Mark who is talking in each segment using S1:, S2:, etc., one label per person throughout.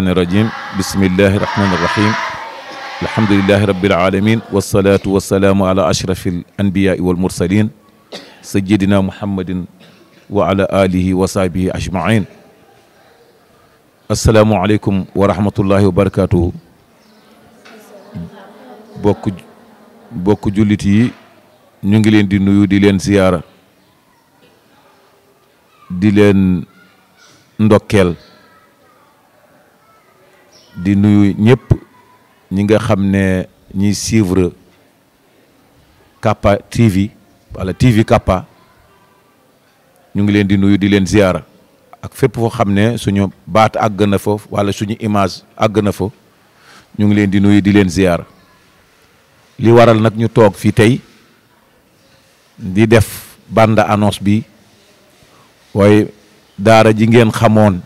S1: sheytaani irajim bismillahi irahmani irahim alhamdulilahi rabbil alamin wasalaatu wasalaamu ala ashrafi al anbiyaai wal mursalin sayidina muhammadin wa ala alihi wa sahbihi ajmain asalaamualeykum wa rahmatullahi wa barakatuhu bokk bokk jullit yi ñu ngi leen di nuyu di leen ziyaara di leen ndokkeel di nuyu ñëpp ñi nga xam ne ñi sivre Capa TV wala TV kappa ñu ngi leen di nuyu di leen ziyaara ak fépp foo xam ne suñu baat àgg na fa wala suñu image àgg na fo ñu ngi leen di nuyu di leen ziyaara li waral nag ñu toog fii tey di def bande annonce bi waaye daara ji ngeen xamoon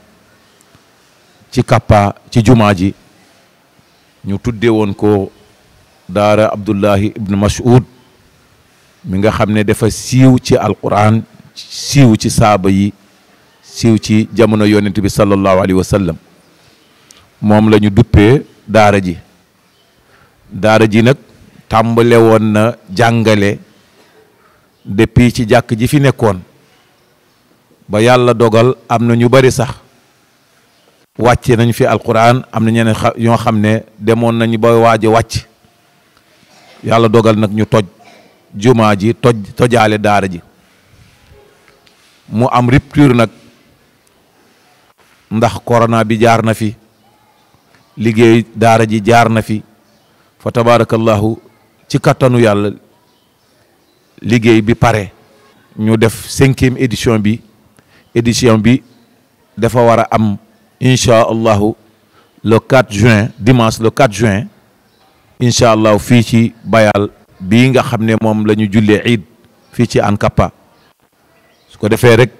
S1: ci kappa ci jumaa ji ñu tuddee woon ko daara abdullahi ibn mas'ud mi nga xam ne dafa siiw ci alquran siiw ci saaba yi siiw ci jamono yonent bi sallallahu alayhi moom lañu ñu duppee daara ji daara ji nag tàmbale woon na jàngale depuis ci jàkk ji fi nekkoon ba yàlla dogal am na ñu bari sax wàcce nañ fi alquran am na ñeneen ñoo xam ne demoon nañu ba waaj a wàcc yàlla dogal nag ñu toj jumaa ji toj tojaale daara ji mu am rupture nag ndax corona bi jaar na fi liggéey daara ji jaar na fi fa tabaarakallahu ci kattanu yàlla liggéey bi pare ñu def cinquième édition bi édition bi dafa war a am incha allahu le 4 juin dimanche le 4 juin incha allahu fii ci bayal bii nga xam ne moom lañu ñu jullee fii ci Ankapa su ko defee rek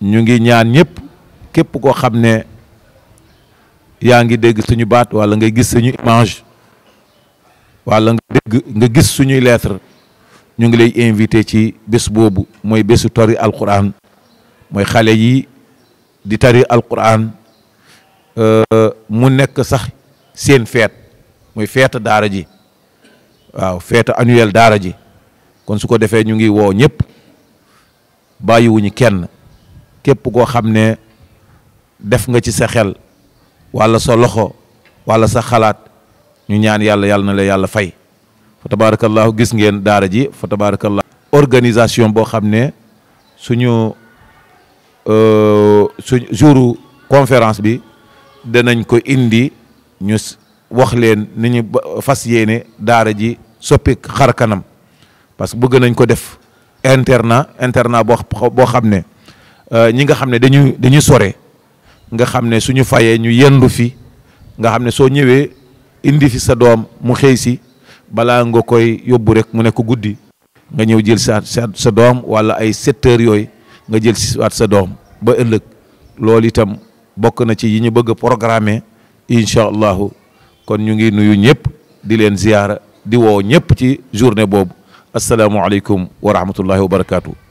S1: ñu ngi ñaan ñëpp képp koo xam ne yaa ngi dégg suñu baat wala nga gis suñu image wala nga dégg nga gis suñuy lettre ñu ngi lay invité ci bés boobu mooy bésu tari alquran mooy xale yi di tari alquran Euh, mu nekk sax seen feet muy feeta daara ji waaw feeta annuel daara ji kon su ko defee ñu ngi woo ñëpp bàyyiwuñu kenn képp koo xam ne def nga ci sa xel wala sa loxo wala sa xalaat ñu ñaan yàlla yàlla na la yàlla fay fa tabarakallahu gis ngeen daara ji fa tabarakallahu organisation boo xam ne suñu euh, suñ jouru conférence bi danañ ko indi ñu wax leen ni ñu fas yéene daara ji soppi xar kanam parce que bëgg nañ ko def internat internat boo xam ne euh, ñi nga xam ne dañu dañu sore nga xam ne ñu fayee ñu yendu fi nga xam ne soo ñëwee indi fi sa doom mu xëy si balaa nga koy yóbbu rek mu nekk guddi nga ñëw jël sa sa doom wala ay sept yooyu nga jël si waat sa doom ba ëllëg loolu itam bokk na ci yi ñu bëgg a programmer incha allahu kon ñu ngi nuyu ñëpp di leen ziyaara di woo ñëpp ci journée boobu asalaamualeykum wa rahmatullahi wa barakaatu.